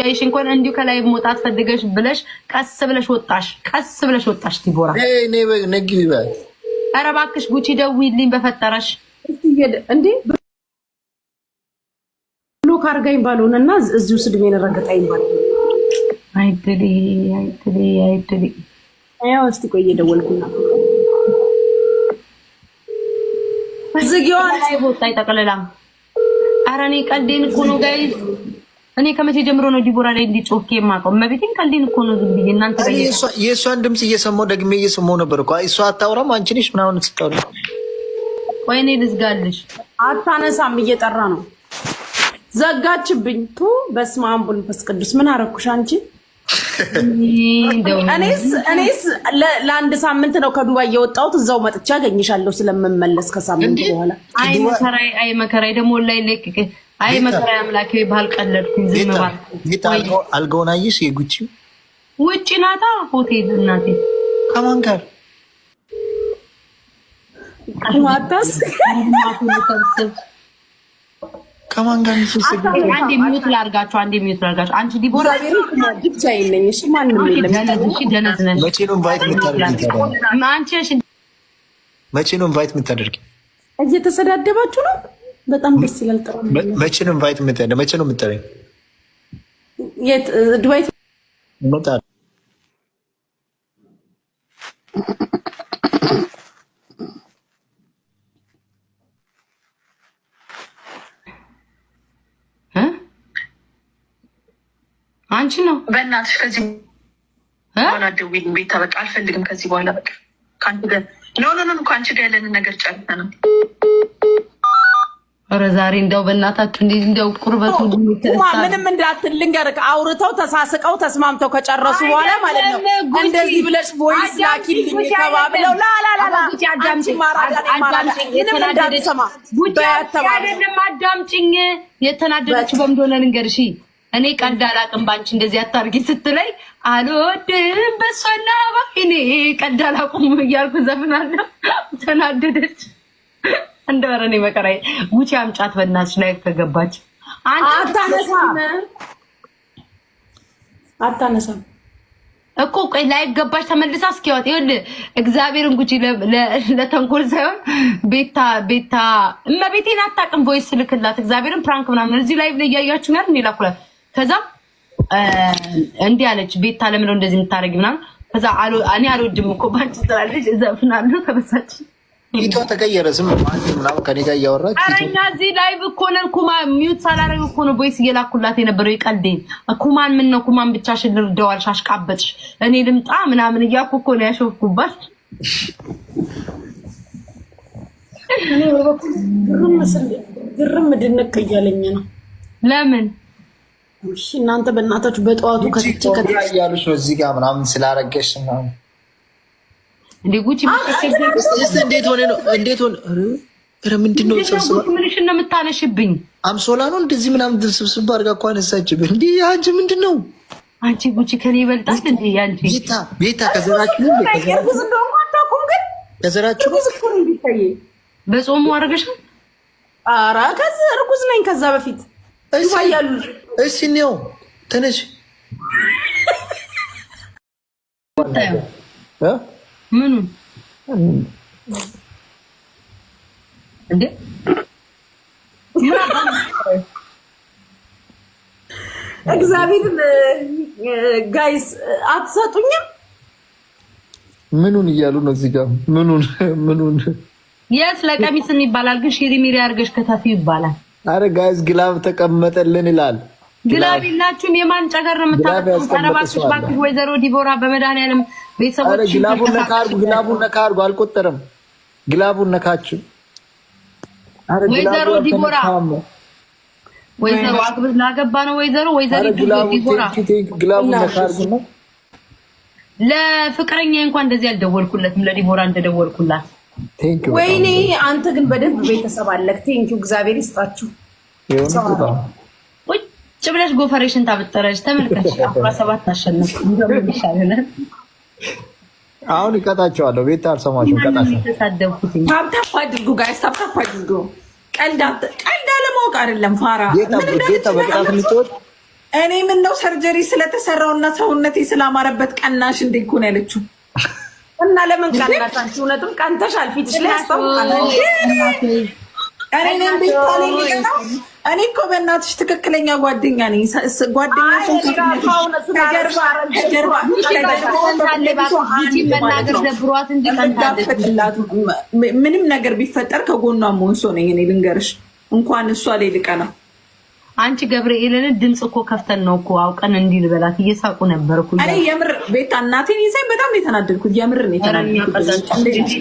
ያይሽ እንኳን እንዲሁ ከላይ መውጣት ፈልገሽ ብለሽ ቀስ ብለሽ ወጣሽ፣ ቀስ ብለሽ ወጣሽ። ዲቦራ ኧረ እባክሽ ጉቺ ደውዪልኝ በፈጠረሽ እንዴ ብሎክ አድርጋኝ ባልሆነ እና እዚሁ ስድሜን ረገጣኝ ባል አይትል አይትል አይትል ያው እስቲ ቆይ እየደወልኩና ዝጊዋ ላይ ቦታ ይጠቅልላ። ኧረ እኔ ቀልዴን እኮ ነው ጋይዝ እኔ ከመቼ ጀምሮ ነው ዲቦራ ላይ እንዲህ ጮኬ የማውቀው? መቤቴን ቀልዴን እኮ ነው። ዝም ብዬ እናንተ የእሷን ድምፅ እየሰማሁ ደግሜ እየሰማሁ ነበር እኮ እሷ አታውራም፣ አንቺ ነሽ ምናምን ስታውሪ። ቆይ እኔ ልዝጋልሽ። አታነሳም፣ እየጠራ ነው። ዘጋችብኝ። ቱ በስመ አብ ወወልድ ወመንፈስ ቅዱስ። ምን አረኩሽ አንቺ? እኔስ እኔስ ለአንድ ሳምንት ነው ከዱባይ እየወጣሁት እዛው መጥቼ አገኝሻለሁ ስለምመለስ ከሳምንት በኋላ። አይ መከራይ፣ አይ መከራይ ደግሞ ላይ ለቅቄ አይ መከራ አምላኬ ባል ቀለድኩኝ። ዝም ባል ጌታ አልጋውናይስ የጉቺ ውጪ ናታ ሆቴል እናቴ ከማን ጋር ማታስ ከማን ጋር አንድ ሚዩት ላርጋችሁ፣ አንድ ሚዩት ላርጋችሁ። አንቺ ዲቦራ ብቻ የለኝ። እሺ ማንም የለም። መቼ ነው ኢንቫይት የምታደርጊ? መቼ ነው ኢንቫይት የምታደርጊ? እየተሰዳደባችሁ ነው በጣም ደስ ይላል። ጥሩ መቼ ነው ኢንቫይት የምትሄደው? መቼ ነው የምትጠሪኝ? የት ድዋይት አንቺ ነው በእናትሽ። ከዚህ በኋላ ደውዪ ቤታ፣ በቃ አልፈልግም ከዚህ በኋላ በቃ ከአንቺ ጋር ኖ ኖ ኖ፣ ከአንቺ ጋር ያለንን ነገር ጨርሰናል። ኧረ ዛሬ እንዲያው በእናታችሁ እንዴት እንዲያው ቁርበቱ ምንም እንዳትል ልንገርህ። አውርተው ተሳስቀው ተስማምተው ከጨረሱ በኋላ ማለት ነው እንደዚህ ብለሽ ቮይስ ላኪልኝ ተባብለው ላላላላ እኔ ቀልድ አላቅም ባንቺ እንደዚህ አታርጊ አልወድም በሷና እያልኩ ተናደደች። እንደ ኧረ እኔ መከራዬ ጉቺ አምጫት በእናትሽ ላይ ከገባች አታነሳም አታነሳም እኮ ቆይ ላይ ገባች ተመልሳ እስኪያወጥ ይሁን እግዚአብሔርን ጉቺ ለተንኮል ሳይሆን ቤታ ቤታ እመቤቴን አታውቅም ቮይስ ስልክላት እግዚአብሔርን ፕራንክ ምናምን እዚህ ላይ እያያችሁ ነው እንዴ ላኩላት ከዛ እንዲህ አለች ቤታ ለምን እንደዚህ የምታደርጊ ምናምን ከዛ አሎ እኔ አልወድም እኮ ባንቺ ስላለች እዘፍናለሁ ተበሳች ኢትዮ ተቀየረ። ስም ምናምን ከኔ ጋር እያወራች አረኛ እኛ እዚህ ላይቭ እኮ ነን። ኩማ ሚዩት ሳላደርግ እኮ ነው ቦይስ እየላኩላት የነበረው። የቀልዴን ኩማን ምን ነው ኩማን ብቻሽን ልርደዋል፣ ሻሽቃበጥሽ እኔ ልምጣ ምናምን እያኩ እኮ ነው ያሾፍኩባት። ግርም ስል ግርም ድንቅ እያለኝ ነው። ለምን እናንተ በእናታችሁ በጠዋቱ ከትቼ ከትቼ እያሉሽ ነው እዚህ ጋር ምናምን ስላረገሽ ምናምን እንዴ ጉቺ እንዴት ሆነ ነው እንዴት ሆነ? ኧረ ምንድን ነው ምንሽን ነው የምታነሽብኝ? አምሶላ ነው እንደዚህ ምናምን ስብስብ አድርጋ እኮ አነሳችብኝ። እንዲ አንቺ ምንድን ነው አንቺ ጉቺ ከኔ ይበልጣል እንዴ? አንቺ ቤታ ቤታ ከዘራችሁ ከዘራችሁ በጾሙ አድርገሻል። ኧረ ከዚ እርጉዝ ነኝ ከዛ በፊት ያሉ እሺ ነው ተነሽ ምኑ እንዴ? እግዚአብሔርን ጋይስ አትሰጡኝም። ምኑን እያሉ ነው እዚህ ጋር ምኑን ምኑን የት ለቀሚስ ይባላል ግን ሽሪ አድርገሽ ከተፊ ይባላል። አረ ጋይዝ ግላብ ተቀመጠልን ይላል። ግላብ የላችሁም። የማን ጨገር ነው የምታመጡት? ባክ ወይዘሮ ዲቦራ በመድኃኒዓለም ቤተሰቦች ግላቡን ነካ አድርጉ፣ ግላቡን ነካ አድርጉ። አልቆጠረም። ግላቡን ነካችሁ። ወይዘሮ ዲቦራ ወይዘሮ አግብት ላገባ ነው። ወይዘሮ ወይዘሮ ግላቡን ነካ አድርጉ። ለፍቅረኛ እንኳን እንደዚህ አልደወልኩለትም፣ ለዲቦራ እንደደወልኩላት። ወይኔ አንተ ግን በደንብ ቤተሰብ አለህ። ቴንኪው እግዚአብሔር ይስጣችሁ። ቁጭ ብለሽ ጎፈሬሽን ታበጠረች ተመልከች። አስራ ሰባት አሸነፍ ይሻለናል። አሁን እቀጣቸዋለሁ። ቤት አልሰማሽም? ታፕታፕ አድርጉ ጋይስ፣ ታፕታፕ አድርጉ። ቀልድ አለማወቅ አይደለም። ፋራ እኔ ምን ነው ሰርጀሪ ስለተሰራውና ሰውነቴ ስላማረበት ቀናሽ እንዴ እኮ ነው ያለችው። እና ለምን ቀናሽ? እውነትም ቀንተሻል። ፊትሽ ላይ ያስታውቃል። እኔ ቤት እኔ እኮ በእናትሽ ትክክለኛ ጓደኛ ነኝ። ጓደኛ ምንም ነገር ቢፈጠር ከጎኗ መሆን ሰው ነኝ እኔ ልንገርሽ። እንኳን እሷ ላይ ነው አንቺ ገብርኤልን ድምፅ እኮ ከፍተን ነው እኮ አውቀን እንዲል በላት እየሳቁ ነበር እኮ። እኔ የምር ቤታ እናቴን ይዘኝ በጣም ነው የተናደድኩት። የምር ነው የተናደድኩት።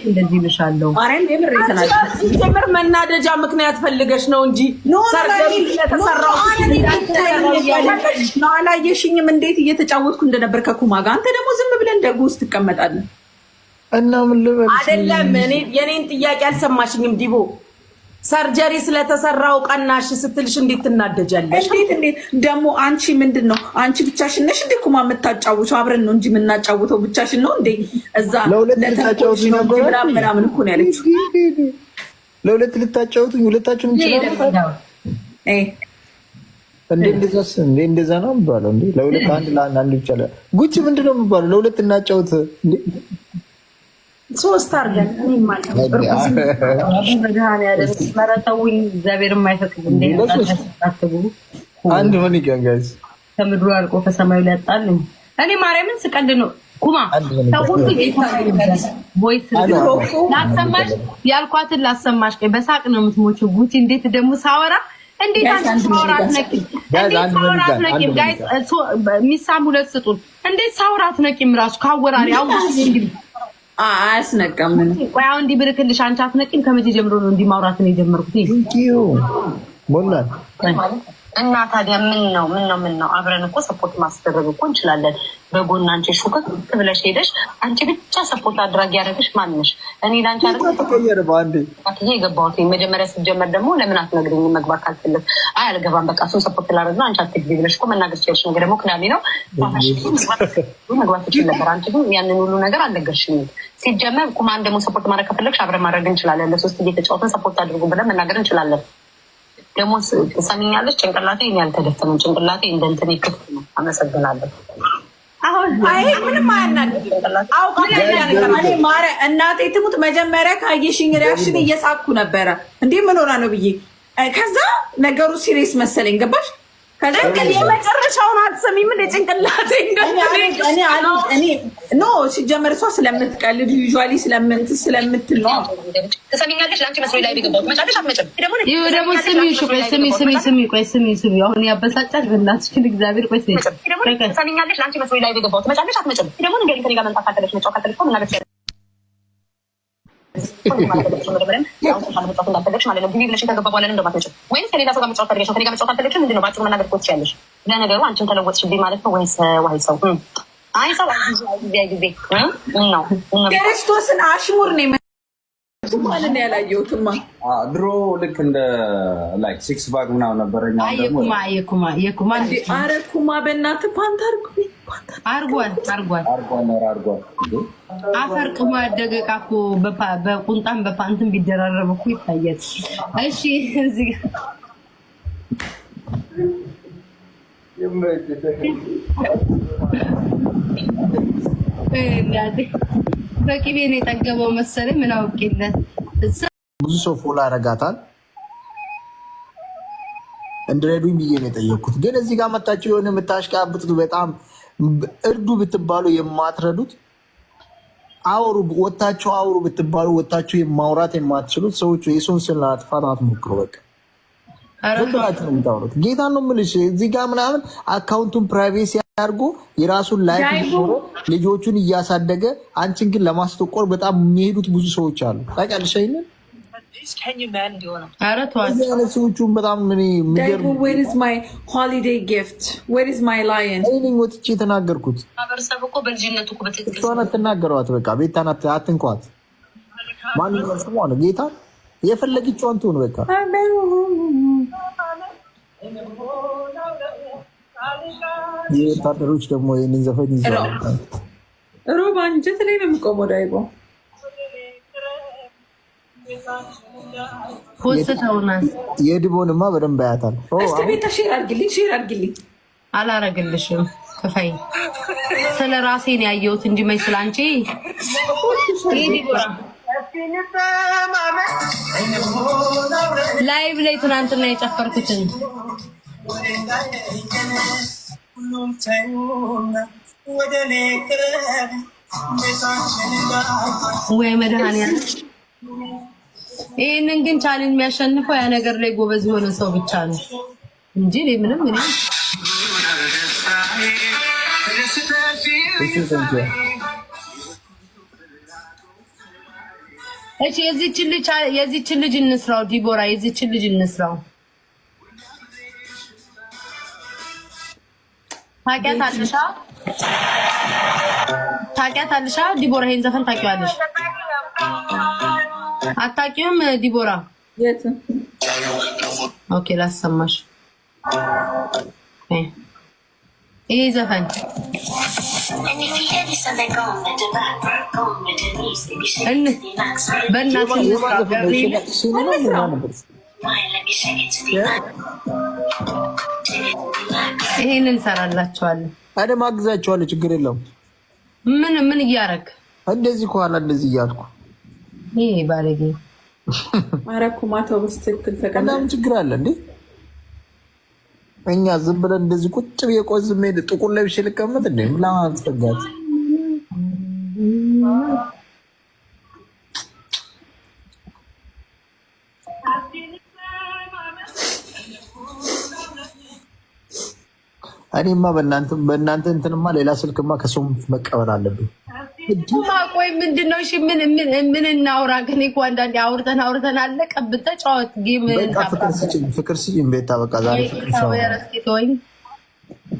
እንደዚህ ልሻለሁ። ማርያም የምር የተናደድኩት የምር መናደጃ ምክንያት ፈልገሽ ነው እንጂ አላየሽኝም እንዴት እየተጫወትኩ እንደነበር ከኩማ ጋር። አንተ ደግሞ ዝም ብለን እንደ ጉስ ትቀመጣለህ እና ምን ልበል አይደለም። የኔን ጥያቄ አልሰማሽኝም ዲቦ ሰርጀሪ ስለተሰራው ቀናሽ ስትልሽ እንዴት ትናደጃለሽ? እንዴት እንዴት ደግሞ አንቺ ምንድን ነው አንቺ ብቻሽን ነሽ እንዴ ኩማ የምታጫውተው? አብረን ነው እንጂ የምናጫውተው ብቻሽን ነው እንዴ? እዛ ለተጫውት ነበር ምናምን እኮ ነው ያለችው። ለሁለት ልታጫውቱ ሁለታችሁም ይችላል እ እንዴ እንደዛስ እንዴ እንደዛ ነው የሚባለው እንዴ? ለሁለት አንድ ለአንድ ብቻ ጉቺ ምንድን ነው የሚባለው? ለሁለት እናጫውት እንዴ ሶስት አድርገን እኔ ማለት ነው እግዚአብሔር የማይፈቅድ አንድ ሆን ይገንጋዝ ከምድሩ አልቆ ከሰማዩ ሊያጣል። እኔ ማርያምን ስቀልድ ነው። ኩማ ተሁሉ ቮይስ ላሰማሽ ያልኳትን ላሰማሽ። በሳቅ ነው የምትሞችው። ጉቺ እንዴት ደግሞ ሳወራ እንዴት አንቺ ሳወራ አትነቂም? እንዴት ሳወራ አትነቂም? ጋይስ ሚሳም ሁለት ስጡን። እንዴት ሳወራ አትነቂም? ራሱ ካወራሪ አሁን እንግዲህ አያስነቀም። ቆይ አሁን እንዲህ ብልክልሽ አንቺ አትነቂም። ከመቼ ጀምሮ ነው እንዲህ ማውራት ነው የጀመርኩት? ሞላ እና ታዲያ ምን ነው ምን ነው ምን ነው? አብረን እኮ ሰፖርት ማስደረግ እኮ እንችላለን። በጎና አንቺ ሹክክ ብለሽ ሄደሽ አንቺ ብቻ ሰፖርት አድራጊ ያደረግሽ ማንሽ? እኔ ለአንቺ አረግባንዴ የገባሁት መጀመሪያ ስትጀመር ደግሞ ለምን አትነግሪኝ? መግባት ካልፈለግ አይ አልገባም በቃ እሱን ሰፖርት ላደረግ ነው አንቺ አትግቢ ብለሽ እኮ መናገር ችለሽ ነገር ደግሞ ክዳሜ ነው መግባት ትችል ነበር። አንቺ ግን ያንን ሁሉ ነገር አልነገርሽኝም። ሲጀመር ኩማን ደግሞ ሰፖርት ማድረግ ከፈለግሽ አብረን ማድረግ እንችላለን። ለሶስት እየተጫወትን ሰፖርት አድርጉ ብለን መናገር እንችላለን። ደግሞ ሰሚኛለች። ጭንቅላቴ እኔ አልተደፈነም። ጭንቅላቴ እንደ እንትን ክፍት ነው። አመሰግናለሁ። ምንም እናቴ ትሙት መጀመሪያ ካየሽኝ ሪያክሽን እየሳኩ ነበረ እንዲህ ምን ሆና ነው ብዬ ከዛ ነገሩ ሲሪየስ መሰለኝ ገባሽ። ከዛ የመጨረሻውን አትሰሚም ምን እኔ ኖ ሲጀመር እሷ ስለምትቀልድ ዩዥዋሊ ስለምንት ስለምትል ነው። ትሰሚኛለሽ? ለአንቺ መስሎኝ ላይ ቢገባ መጫለሽ አትመጭም። ደግሞ ስሚ፣ ስሚ፣ ስሚ፣ ስሚ፣ ስሚ፣ አሁን ያበሳጫል። በእናትሽን እግዚአብሔር። ቆይ ስሚ፣ ለአንቺ መስሎኝ ላይ መጫለሽ አትመጭም። ደግሞ ከእኔ ጋር መምጣት ካልፈለግሽ መጫወት ካልፈለግሽ እኮ ትችያለሽ። ለነገሩ አንቺን ተለወጥሽብኝ ማለት ነው ወይስ ዋይ ሰው አይ ሰው ጊዜ ነው የክርስቶስን አሽሙር ነው ማለት ያላየሁትማ። ድሮ ልክ እንደ ላይክ ሲክስ ባግ ምናምን ነበረኛ። የኩማ አረ ኩማ በእናትህ ፓንት አርጓል አርጓል አርጓል። አፈር ቅማ ደገቃ እኮ በቁንጣም በፓንትም ቢደራረብ እኮ ይታያል። እሺ እዚህ ጋር በቅቤ ነው የጠገበው መሰለኝ። ምን አውቄለት። ብዙ ሰው ፎላ ያረጋታል። እንድረዱኝ ብዬ ነው የጠየቅኩት። ግን እዚህ ጋር መታችሁ የሆነ የምታሽቃብጥ በጣም እርዱ ብትባሉ የማትረዱት አውሩ ወታችሁ አውሩ ብትባሉ ወታችሁ ማውራት የማትችሉት ሰዎች የሱን ስለ አጥፋት አትሞክሩ። በቃ ጌታ ነው የምልሽ። እዚህ ጋር ምናምን አካውንቱን ፕራይቬሲ አድርጎ የራሱን ላይ ኖሮ ልጆቹን እያሳደገ አንቺን ግን ለማስጠቆር በጣም የሚሄዱት ብዙ ሰዎች አሉ። ታውቂያለሽ አይደል? ሰዎቹን በጣም ወጥቼ የተናገርኩት እሷን አትናገሯት። በቃ ቤታን አትንኳት። ማንኛውም ጌታ የፈለገችዋን ትሆን በቃ ይህ ወታደሮች ደግሞ ይህንን ዘፈን ይዘዋል። ሮባ እንጀት ላይ ነው የሚቆመው። ዳይቦ የድቦንማ በደንብ ያታል። እስቲ ቤታ ሼር አድርግልኝ፣ ሼር አድርግልኝ። አላረግልሽም ክፈይ ስለ ራሴን ያየሁት እንጂ ስለ አንቺ ላይቭ ላይ ትናንትና የጨፈርኩትን ሁሉም ወይ መድኃኒዓለም። ይህንን ግን ቻሌንጅ የሚያሸንፈው ያ ነገር ላይ ጎበዝ የሆነ ሰው ብቻ ነው እንጂ ምንም እኔ እሺ፣ የዚችን ልጅ እንስራው ዲቦራ፣ የዚችን ልጅ እንስራው ታውቂያታለሽ? ታውቂያታለሽ? ዲቦራ ይሄን ዘፈን ታውቂዋለሽ? አታውቂውም? ዲቦራ ኦኬ፣ ላሰማሽ ይህ ዘፈን በእናትህ ይሄን እንሰራላችኋለን። አደ ማግዛችኋለሁ፣ ችግር የለውም። ምን ምን እያደረግ እንደዚህ ከኋላ እንደዚህ እያልኩ ይሄ ባለጌ ማረኩ ማተውስ ትክክል ተቀላም ችግር አለ እንዴ? እኛ ዝም ብለን እንደዚህ ቁጭ ብዬ ቆይ ሄድ ጥቁር ለብሼ ልቀመጥ እንዴ? ምን እኔማ በእናንተ እንትንማ ሌላ ስልክማ ከሰው መቀበል አለብኝ። ቆይ ምንድን ነው? እሺ ምን ምን እናውራ? ግን እኮ አንዳንዴ አውርተን አውርተን አለ ቀብተ ጫወት ጌም ፍቅር ስጭኝ፣ ፍቅር ስጭኝ ቤታ። በቃ ዛሬ ፍቅር ስጭኝ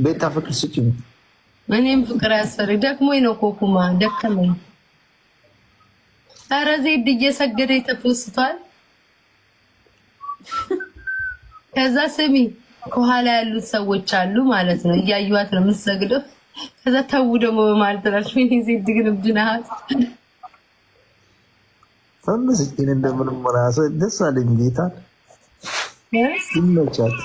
ቤታ፣ ፍቅር ስጭኝ። እኔም ፍቅር ያስፈልግ ደክሞኝ ነው ኮኩማ፣ ደከመኝ። ኧረ ዜድ እየሰገደ ተፖስቷል። ከዛ ስሚ ከኋላ ያሉት ሰዎች አሉ ማለት ነው። እያዩዋት ነው የምትሰግደው። ከዛ ተዉ ደግሞ በማለት ናቸው። ኔ ዜድ ግን እብድናሃት እንደምንም ራሰ ደስ አለኝ። ጌታ ይመቻት።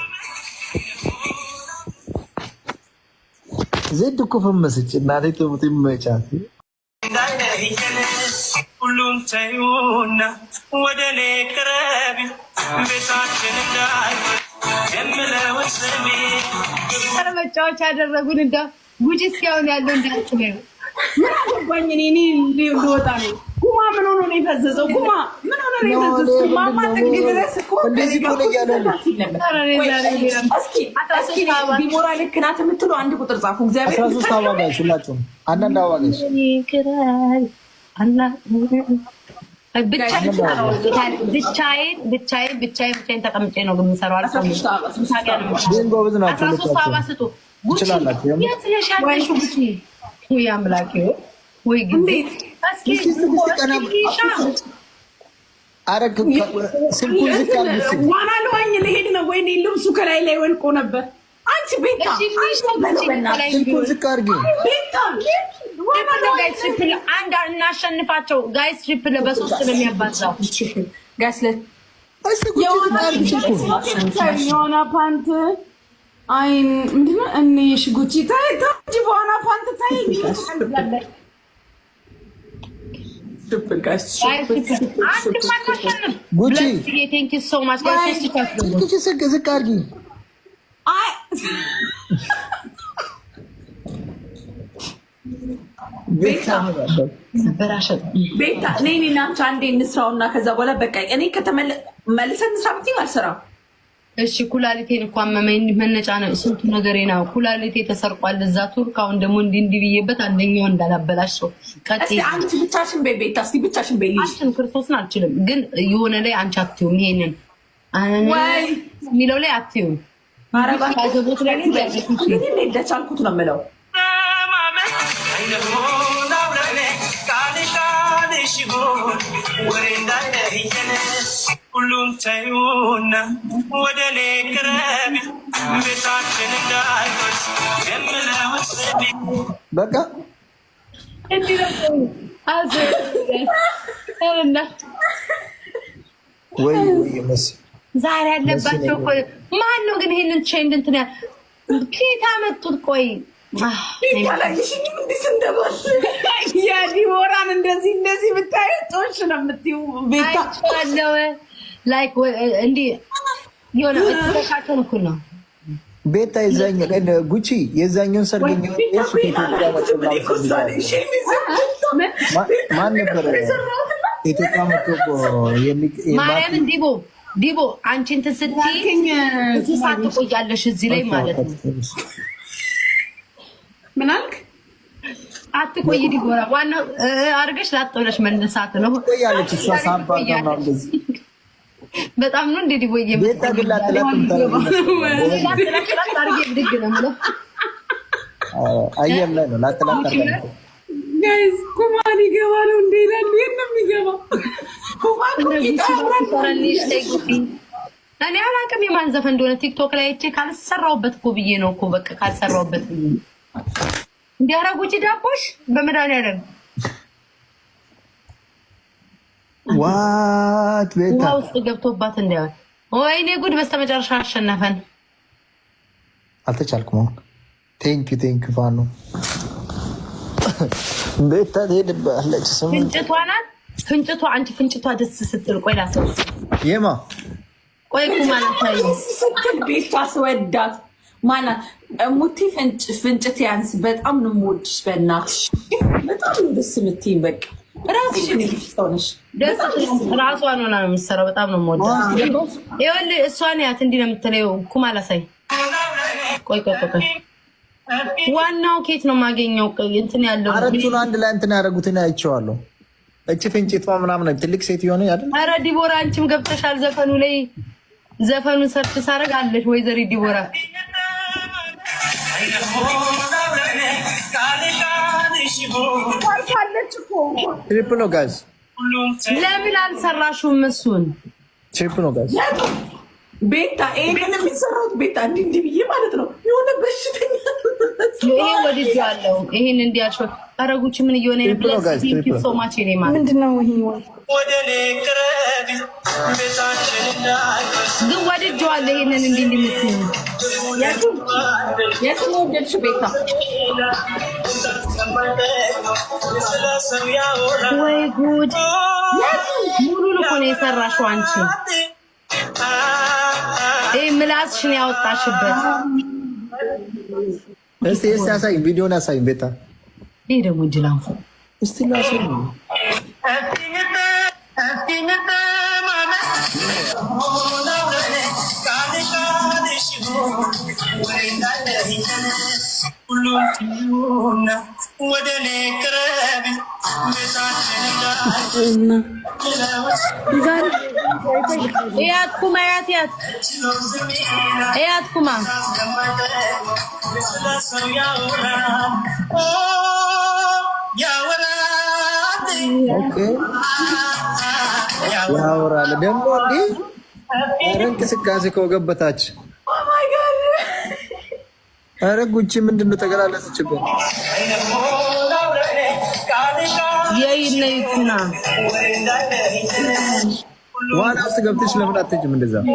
ዜድ እኮ ፈመስች እናቴ ትሙት ይመቻት። ሁሉም ተዩና ወደ እኔ ቅረቢ ቤታችን እንዳይ መጫወቻ ያደረጉን እንደ ጉጭ እስኪያሁን ያለው እንዳያስበ ምን አገባኝ እኔ ልወጣ ነው። ጉማ ምን ሆኖ ነው የፈዘዘው? ጉማ ምን ሆኖ ነው የፈዘዘው? ጉማማ ጥግ ድረስ እኮ እንደዚህ እስኪ ቢሞራ ልክ ናት የምትሉ አንድ ቁጥር ጻፉ። እግዚአብሔር አስራ ሶስት አዋጋች ሁላችሁም አንዳንድ አዋጋች ብቻዬን ብቻዬን ብቻዬን ተቀምጬ ነው የምሰራው። አስራ ዋና ለዋኝ ልሄድ ነው። ልብሱ ከላይ ላይ ወልቆ ነበር። አንቺ ቤታ ቤታ ምንድነው ጋይስ ሺፕ አንድ እናሸንፋቸው። ጋይስ ሺፕ በሶስት ነው የሚያባዛው። ጋይስ የሆነ ፓንት አይ ምንድነው እኔ ሽጉቺ ታይ ታጂ በሆነ ፓንት ታይ ጉቺ ዝቅ አድርጊ ቤታ እኔ እና አንዴ እንስራውና ከዛ በኋላ በቃ እኔ ከተመልሰን እንስራ ብትይም አልሰራም። እሺ ኩላሊቴን እኮ አመመኝ። መነጫነቅ ስንቱ ነገር ነው። ኩላሊቴ ተሰርቋል እዛ ቱርክ። አሁን ደግሞ እንዲህ እንዲህ ብዬበት አንደኛው እንዳላበላሸው አንቺ ብቻሽን በይ ቤታ፣ እስኪ ብቻሽን በይ። አንቺን ክርስቶስን አልችልም፣ ግን የሆነ ላይ አንቺ አትይውም። ይሄንን የሚለው ላይ አትይውም። አረባ ዘቦት ላይ እንደቻልኩት ነው የምለው ልሁን አብረን ቃል ቃል ሲሆን ወሬ እንዳለየን ሁሉም ተዩና ወደ እኔ ቅረብ ቤታችን እንዳይወስ የምለው በቃ ዛሬ ያለባቸው ማን ነው ግን? ይህንን ቼንድ እንትን ኬታ መጡት ቆይ ዲቦራን እንደዚህ እንደዚህ ብታይ ጦሽ ነው የምትይው። ቤታ ላይክ እንዲህ የሆነ ተሻቸውን እኩል ነው። ቤታ የዛኛ ጉቺ የዛኛውን ሰርገኛ ነበረ? ኢትዮጵያ መቶ ማርያምን ዲቦ ዲቦ አንቺ እንትን ስትይ ትቆያለሽ እዚህ ላይ ማለት ነው ምን አልክ? አትቆይ ዲቦራ፣ ዋናው አድርገሽ ላጥ መነሳት ነው። ቆያለች እሷ ሳባ ነው በጣም ነው እንዴ ዲቦዬ፣ ቁማን ይገባ ነው እንዴ ይላል። የለም ይገባ እኔ አላቅም የማን ዘፈን እንደሆነ ቲክቶክ ላይ አይቼ ካልሰራሁበት እኮ ብዬ ነው እኮ በቃ ካልሰራሁበት ብዬ እንዲያረጉጭ ዳቦሽ በመድኃኒዓለም ዋት ቤታ ውስጥ ገብቶባት እንዳይሆን። ወይኔ ጉድ! በስተመጨረሻ አሸነፈን። አልተቻልኩም። አሁን ቴንክ ቴንክ ፋኑ ቤታ ትሄድባለች። ፍንጭቷ ናት ፍንጭቷ። አንቺ ፍንጭቷ ደስ ስትል ቆይ ላሰው የማ ቆይ ኩማናታ ቤቷ ስወዳት ማና ሙቲ ፍንጭት ያንስ በጣም ነው የምወድሽ። በእናትሽ በጣም ነው ደስ የምትይኝ። በቃ ራስሽን ነሽ ራሷን ሆና ነው የምትሰራው። በጣም ነው የምወደው። ይኸውልህ እሷን ያት እንዲህ ነው የምትለው። ኩማ ላሳይ። ቆይ ቆይ ቆይ፣ ዋናው ኬት ነው የማገኘው። እንትን ያለው አረቱን አንድ ላይ እንትን ያደረጉትን አይቼዋለሁ። እች ፍንጭት ምናምን ትልቅ ሴት የሆነ አይደል? አረ ዲቦራ አንቺም ገብተሻል። ዘፈኑ ላይ ዘፈኑን ሰርች ሳረግ አለሽ ወይዘሪ ዲቦራ ትሪፕ ነው ጋዝ። ለምን አልሰራሽውም? እሱን ትሪፕ ነው ጋዝ። ቤታ ይሄንን የሚሰራት ቤታ እንዲህ እንዲህ ብዬ ማለት ነው የሆነ በሽተኛ ይሄ ወድጄ ይሄን እንዲያልሽው ኧረ ጉቺ ምን እየሆነ ሶማች ኔ ማለት ምንድነው? ወደ እኔ ቅረቢ ቤታችን ግን ወድጀዋለሁ። ይሄንን ወደድሽ ቤታ ወይ ጉድ! ነው የሰራሽው አንቺ። ይህ ምላስሽን ያወጣሽበት። እስቲ እስቲ ቪዲዮን አሳይኝ ቤታ ይህ ደግሞ እጅል አንፎ እስላሴ ያትኩማ ያት ያት ያትኩማ ያወራል ደግሞ እንዲ ኧረ እንቅስቃሴ ከወገበታች ኧረ ጉቺ ምንድን ነው ተገላለጸችበት? የይነትና ዋና ውስጥ ገብተሽ ለምን አትሄጂም? እንደዛ ነው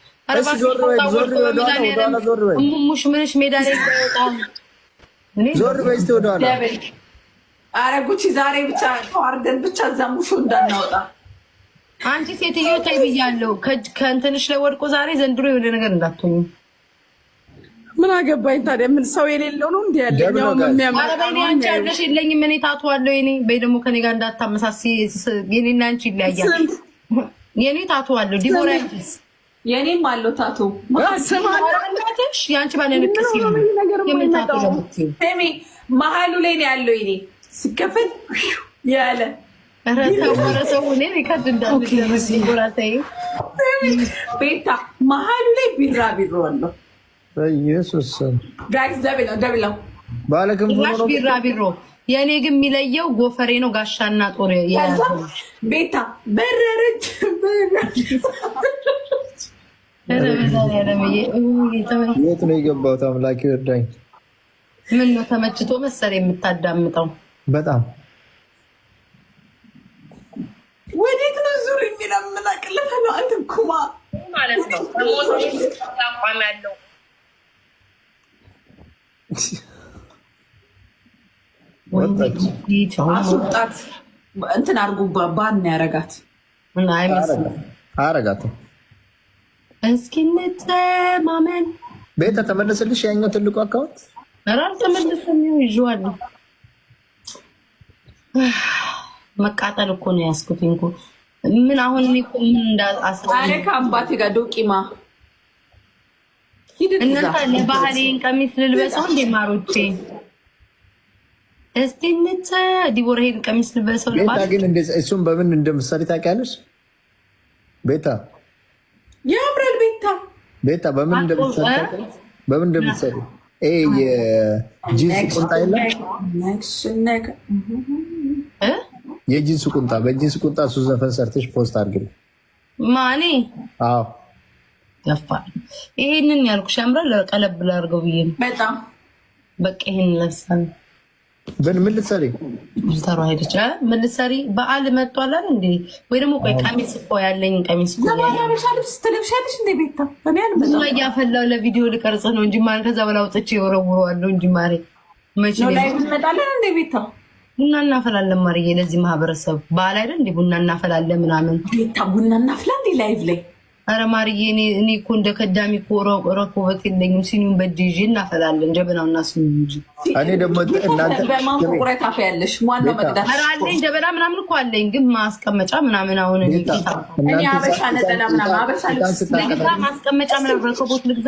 ሙሽ ምንሽ ሜዳ ላይ ዞር በይ እስኪ ወደኋላ። ኧረ ጉቺ ዛሬ ብቻ ተዋርደን ብቻ እዛ ሙሾ እንዳናወጣ። አንቺ ሴትዮ ተይ ብያለሁ። ከእንትንሽ ላይ ወድቆ ዛሬ ዘንድሮ የሆነ ነገር እንዳትሆኝ። ምን አገባኝ ታዲያ? ምን ሰው የሌለው ነው እንዲ ያለኝ አረበኔ። አንቺ አለሽ የለኝም እኔ ታትዋለሁ። የኔ በይ ደግሞ ከኔ ጋር እንዳታመሳሲ። የኔና አንቺ ይለያያል። የኔ ታትዋለሁ ዲቦራ ይስ የእኔም አለው ታቶ የአንቺ ባለንቅስሚ መሀሉ ላይ ነው ያለው። ይኔ ሲከፈል ያለ ቤታ መሀሉ ላይ ቢራ ቢሮ አለው። በኢየሱስ ጋይስ ደብለው ደብለው ባለክንፍሽ ቢራ ቢሮ የእኔ ግን የሚለየው ጎፈሬ ነው። ጋሻና ጦር ቤታ በረረች የት ነው የገባሁት? አምላክ ይርዳኝ። ምን ነው ተመችቶ መሰል የምታዳምጠው? በጣም ወዴት ነው ዙር የሚል አመላቅለት ነው። ኩማ ማለት ነው ያለው አስወጣት እንትን አድርጉባ ባን ያረጋት አረጋትም እስኪንተማመን ቤታ ተመለሰልሽ? ያኛው ትልቁ አካውንት ራል ተመለሰ። መቃጠል እኮ ነው ያስኩት። ምን አሁን እኔ እኮ ምን ጋር ዶቂማ እናንተ ለባህሌን ቀሚስ ልልበሰው እንዴ ማሮቼ? እስቲ ዲቦራ ይሄን ቀሚስ ልበሰው ግን እሱም በምን እንደምሳሌ ታውቂያለሽ ቤታ ቤታ በምን እንደምትሰሪ የጂንስ ቁንጣ የለም የጂንስ ቁንጣ በጂንስ ቁንጣ እሱ ዘፈን ሰርተሽ ፖስት አድርግ። ማኔ አዎ፣ ገፋ ይሄንን ያልኩሽ ያምራል። ቀለብ ላድርገው ብዬ ነው በጣም በቃ ይሄን ለብሳለሁ። ምን ልትሰሪ ጅታሮ ሄደች። ምን ልትሰሪ በዓል መጥቷል እንዴ? ወይ ደግሞ ቆይ ቀሚስ እኮ ያለኝ ቀሚስ ልብስ ትለብሻለሽ እንዴ? ቤታ እያፈላው ለቪዲዮ ልቀርጽ ነው እንጂ ከዛ በላ የወረውረዋለሁ እንጂ እንዴ? ቤታ ቡና እናፈላለን ማርዬ፣ ለዚህ ማህበረሰብ በዓል አይደል እንዴ? ቡና እናፈላለን ምናምን ቤታ ቡና እናፍላ እንዴ? ላይቭ ላይ ኧረ ማርዬ እኔ እኮ እንደ ከዳሚ እኮ ረኮበት የለኝም። ሲኒውን እናፈላለን። ጀበናው እና ሲኒ እንጂ እኔ ደግሞ ዋናው መቅዳት አለኝ። ጀበና ምናምን እኮ አለኝ፣ ግን ማስቀመጫ ምናምን አሁን እኔ አበሻ ነጠላ ምናምን አበሻ ልብስ ማስቀመጫ ምናምን ረኮቦት ልግዛ።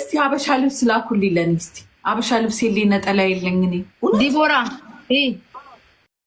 እስቲ አበሻ ልብስ ላኩልኝ ለእኔ። እስቲ አበሻ ልብስ የለኝ ነጠላ የለኝ እኔ ዲቦራ